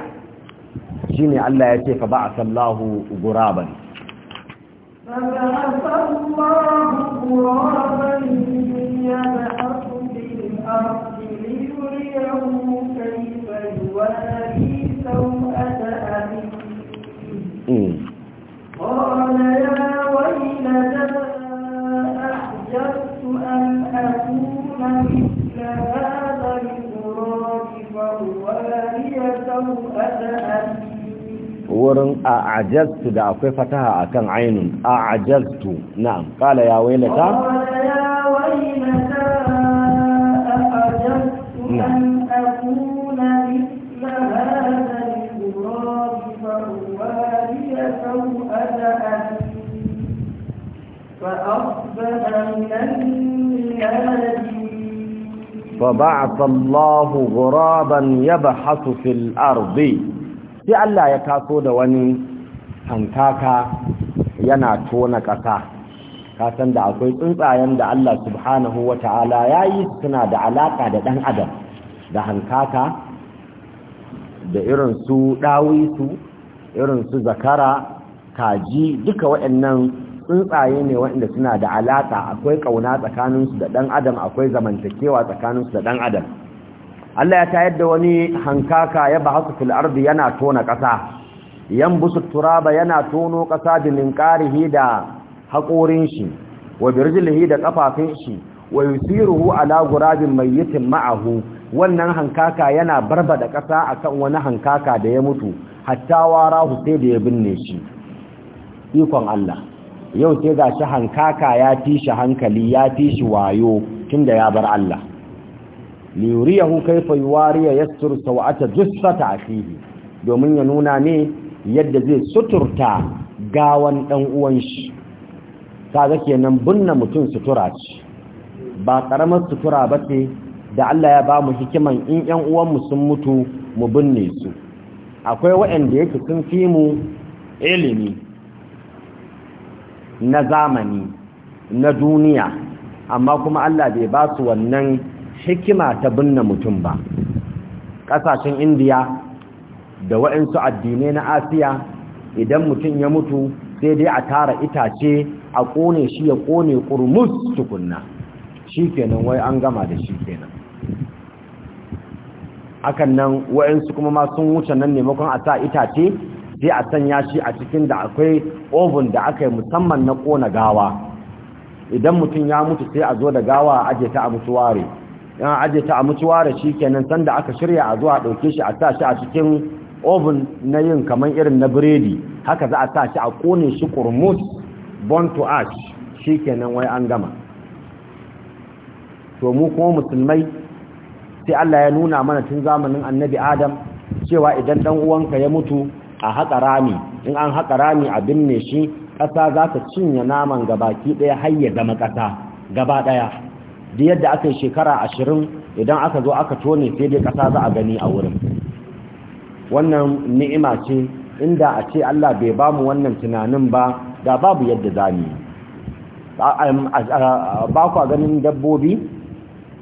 Shi ne Allah ya ce fa ba sallahu guraban ba sallahu guraban ya قال يا wurin a da akwai fataha akan ainun a na'am kala ya wailata من النادين فبعث الله غرابا يبحث في sai Allah ya taso da wani hankaka yana tona ƙasa kasan da akwai tsuntsayen da Allah subhanahu wa ta'ala ya yi suna da alaƙa da ɗan adam da hankaka da irin su ɗawisu irin su zakara kaji duka waɗannan tsuntsaye ne waɗanda suna da alaƙa akwai ƙauna tsakaninsu da ɗan adam akwai zamantakewa tsakaninsu da ɗan adam Allah ya tayar da wani hankaka ya ba hasu fil ardi yana tona ƙasa yambusu turaba yana tono ƙasa da ninkarihi da haƙorin shi wa birjilihi da ƙafafin shi wa yusiruhu ala gurabin mayyitin ma'ahu wannan hankaka yana barbada ƙasa akan wani hankaka da ya mutu hatta warahu sai da ya binne shi ikon Allah yau sai ga shi hankaka ya fi shi hankali ya fi shi wayo tunda ya bar Allah liyuriyahu kaifa yuwariya yastur sawata jussata akhihi domin ya nuna ne yadda zai suturta gawan dan uwan shi kaga kenan binne mutum sutura ce ba ƙaramar sutura ba ce, da Allah ya ba mu hikiman in ƴan uwan mu sun mutu mu binne su akwai waɗanda yake sun fi mu ilimi na zamani na duniya amma kuma Allah bai ba su wannan hikima ta binne mutum ba Kasashen indiya da waɗansu addinai na asiya idan mutum ya mutu sai dai a tara itace a kone shi ya kone ƙurmus tukunna shi kenan wai an gama da shi kenan akan nan waɗansu kuma ma sun wuce nan makon a sa itace sai a sanya shi a cikin da akwai oven da aka yi musamman na ƙona gawa idan mutum ya mutu sai a zo da gawa a aje ta a mutuware yan aje ta a mutuware shi kenan sanda aka shirya a zuwa ɗauke shi a sa shi a cikin oven na yin kamar irin na biredi haka za a sa shi a ƙone shi kurmus born to ash shi kenan wai an gama to mu kuma musulmai sai Allah ya nuna mana tun zamanin annabi Adam cewa idan ɗan uwanka ya mutu a haƙa rami in an haƙa rami a binne shi ƙasa za ta cinye naman gabaki ɗaya har ya zama ƙasa gaba ɗaya da yadda aka yi shekara ashirin idan aka zo aka tone sai dai ƙasa za a gani a wurin wannan ni'ima ce inda a ce Allah bai ba mu wannan tunanin ba da babu yadda za mu ba ku ganin dabbobi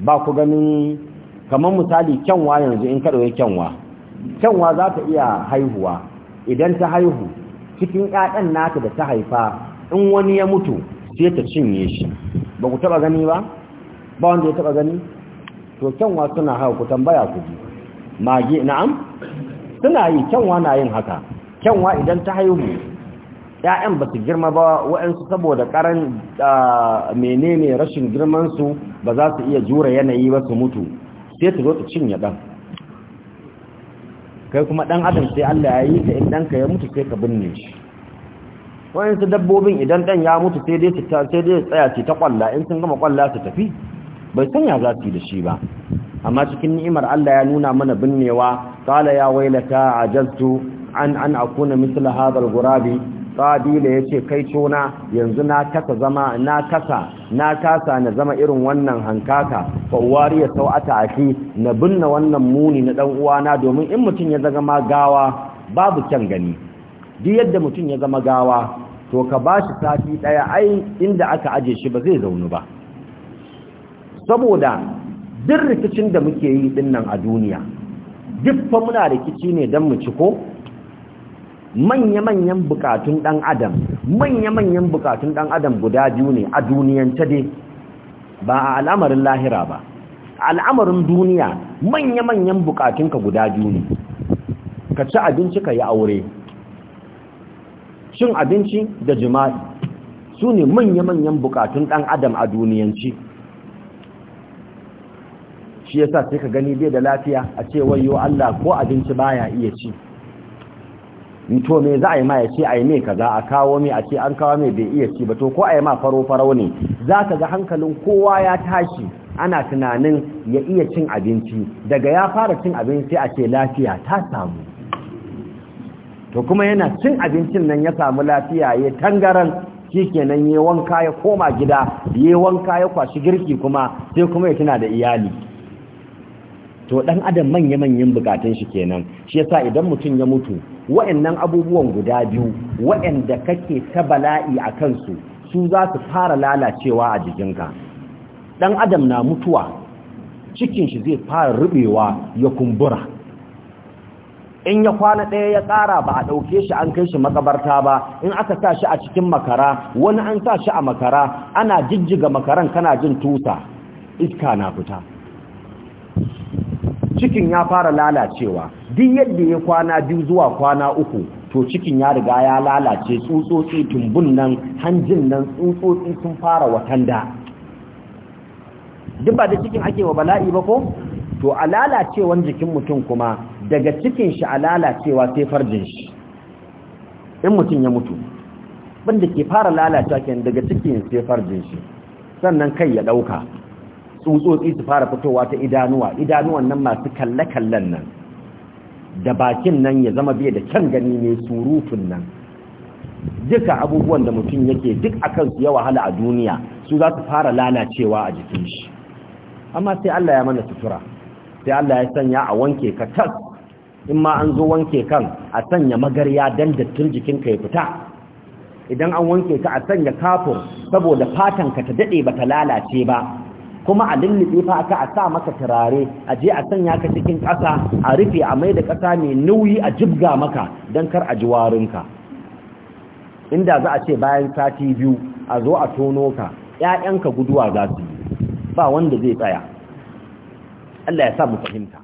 ba ku ganin kamar misali kyanwa yanzu in kaɗauye kyanwa kyanwa za ta iya haihuwa idan ta haihu cikin ƴaƴan nata da ta haifa in wani ya mutu sai ta cinye shi ba ku taba gani ba ba wanda ya taba gani to kyanwa suna haka ku tambaya ku ji mage na'am suna yi kyanwa na yin haka kyanwa idan ta haihu ƴaƴan ba su girma ba waɗansu saboda ƙaran menene rashin girman su ba za su iya jure yanayi ba su mutu sai ta zo ta cinye ɗan kai kuma dan adam sai Allah ya yi ka in danka ya mutu sai ka binne shi wayansu dabbobin idan dan ya mutu sai dai su sai dai tsaya ce ta kwalla in sun gama kwalla su tafi bai sanya za su yi da shi ba amma cikin ni'imar Allah ya nuna mana binnewa qala ya wailata ajaltu an an akuna mithla hadha al-ghurabi ya ce, kai cona yanzu na kasa zama na kasa na kasa na zama irin wannan hankaka fawari ya sau ata aki na binne wannan muni na dan uwana domin in mutum ya zama gawa babu kyan gani duk yadda mutum ya zama gawa to ka bashi sati ɗaya, ai inda aka aje shi ba zai zaunu ba saboda duk rikicin da muke yi dinnan a duniya duk fa muna rikici ne dan mu ciko. manya-manyan bukatun dan adam manya-manyan bukatun dan adam guda biyu ne a duniyanta dai ba a al'amarin lahira ba al'amarin duniya manya-manyan bukatunka guda biyu ne ka ci abinci ka yi aure cin abinci da jima'i su ne manya-manyan bukatun ɗan adam a duniyanci shi yasa sai ka gani bai da lafiya a ce yiwu Allah ko abinci baya iya ci to me za a yi ma ya ce a yi mai kaza a kawo mai a ce an kawo mai bai iya ci ba to ko a yi ma faro farau ne za ka ga hankalin kowa ya tashi ana tunanin ya iya cin abinci daga ya fara cin abinci a ce lafiya ta samu to kuma yana cin abincin nan ya samu lafiya ya tangaran shi kenan ya wanka ya koma gida ya wanka ya kwashi girki kuma sai kuma ya tuna da iyali to dan adam manya manyan bukatun shi kenan shi yasa idan mutum ya mutu wa'annan abubuwan guda biyu wa'anda kake ta bala'i a kansu su za su fara lalacewa a jikinka dan adam na mutuwa cikin shi zai fara rubewa ya kumbura in ya kwana ɗaya ya tsara ba a ɗauke shi an kai shi makabarta ba in aka sa shi a cikin makara wani an sa shi a makara ana jijjiga makaran kana jin tusa, iska na fita cikin ya fara lalacewa duk yadda ya kwana biyu zuwa kwana uku to cikin ya riga ya lalace tsutsotsi tumbun nan hanjin nan tsutsotsi sun fara watanda duk ba da cikin ake wa bala'i ba ko to a lalacewan jikin mutum kuma daga cikin shi a lalacewa sai farjin shi in mutum ya mutu banda ke fara lalacewa kenan daga cikin sai farjin shi sannan kai ya ɗauka. tsutsotsi su fara fitowa ta idanuwa idanuwan nan masu kalle-kallen nan da bakin nan ya zama bai da kyan gani ne surufin nan duka abubuwan da mutum yake duk akan su ya wahala a duniya su za su fara lalacewa a jikin shi amma sai Allah ya mana sutura sai Allah ya sanya a wanke ka tas in ma an zo wanke kan a sanya magarya dan dattin ka ya fita idan an wanke ka a sanya kafur saboda fatan ka ta dade bata lalace ba kuma a lullube fa aka a sa maka turare a je a sanya ka cikin ƙasa a rufe a mai da ƙasa mai nauyi a jibga maka don kar a ji warinka inda za a ce bayan sati biyu a zo a tono ka ‘ya'yanka guduwa za su yi ba wanda zai tsaya Allah ya sa mu fahimta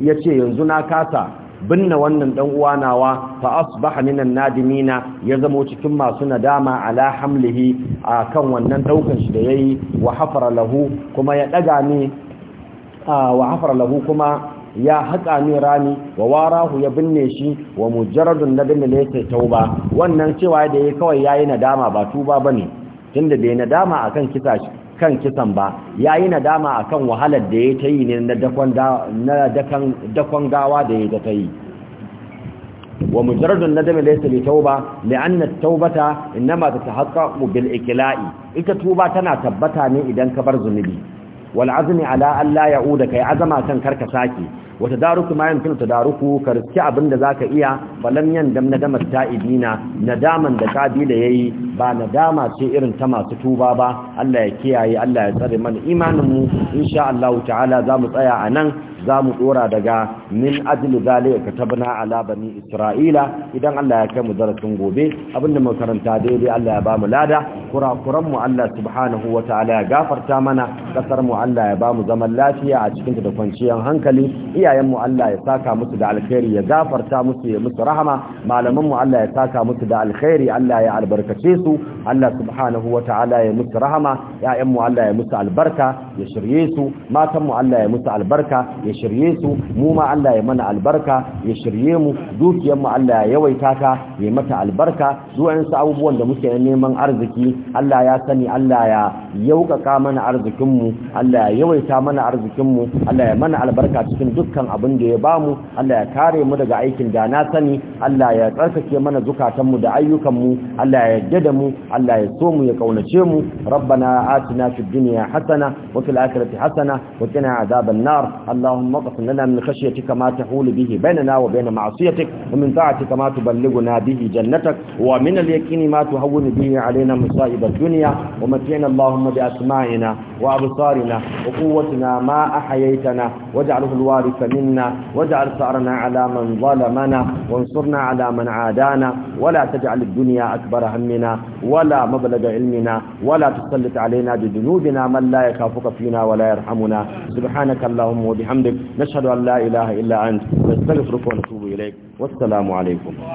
ya ce yanzu na kasa binne wannan dan uwa nawa fa asbaha minan nadimina ya zamo cikin masu nadama ala hamlihi akan wannan daukan shi da yayi wa hafara lahu kuma ya daga ni wa hafara lahu kuma ya haƙa min rani wa warahu ya binne shi wa mujarradun ne sai tauba wannan cewa da yayi kawai yayi nadama ba tuba bane tunda bai nadama akan kisa shi kan kisan ba ya yi nadama a kan wahalar da ya ta yi ne na dakon gawa da ya ta yi wa mujarradun nadami laysa bi tauba li'anna at-taubata ta tatahaqqaqu bil ikila'i? ita tuba tana tabbata ne idan ka bar zunubi wal azmi ala an la Uda, kai azama kan karka sake. wata daruku ma yankin tadaruku ka riski abin da ka iya balan yan dam na damar ta'ibina nadaman da ya yi ba nadama ce irin ta masu tuba ba Allah ya kiyaye Allah ya tsare mana imanin mu insha Allah ta'ala zamu tsaya anan zamu dora daga min ajli zalika katabna ala bani isra'ila idan Allah ya kai mu darasin gobe abinda mu karanta daidai Allah ya ba mu lada kurakuranmu Allah subhanahu ta'ala ya gafarta mana kasar mu Allah ya ba mu zaman lafiya a cikin da kwanciyar hankali iyayenmu Allah ya saka musu da alkhairi ya gafarta musu ya musu rahama malamanmu Allah ya saka musu da alkhairi Allah ya albarkace su Allah subhanahu ta'ala ya musu rahama ƴaƴanmu Allah ya musu albarka ya shirye su matanmu Allah ya musu albarka ya shirye su mu ma Allah ya mana albarka ya shirye mu dukiyarmu Allah ya yawaita ta ya mata albarka zuwan su abubuwan da muke neman arziki Allah ya sani Allah ya yaukaka mana arzikinmu Allah ya yawaita mana arzikinmu Allah ya mana albarka cikin duk dukkan abin da ya bamu Allah ya kare mu daga aikin da na sani Allah ya tsarkake mana zukatanmu da ayyukanmu Allah ya yarda da mu Allah ya so mu ya kaunace mu rabbana atina fid dunya hasana wa fil akhirati hasana wa qina adhaban nar allahumma qsim lana min khashyatika ma tahulu bihi bainana wa bain ma'siyatik wa min ta'atika ma tuballighuna bihi jannatak wa min al-yaqini ma tuhawwinu bihi علينا مصائب الدنيا ومتعنا اللهم بأسماعنا وأبصارنا ma ما أحييتنا واجعله الوارث منا واجعل ثأرنا على من ظلمنا وانصرنا على من عادانا ولا تجعل الدنيا أكبر همنا ولا مبلغ علمنا ولا تسلط علينا بذنوبنا من لا يخافك فينا ولا يرحمنا سبحانك اللهم وبحمدك نشهد أن لا إله إلا أنت نستغفرك ونتوب إليك والسلام عليكم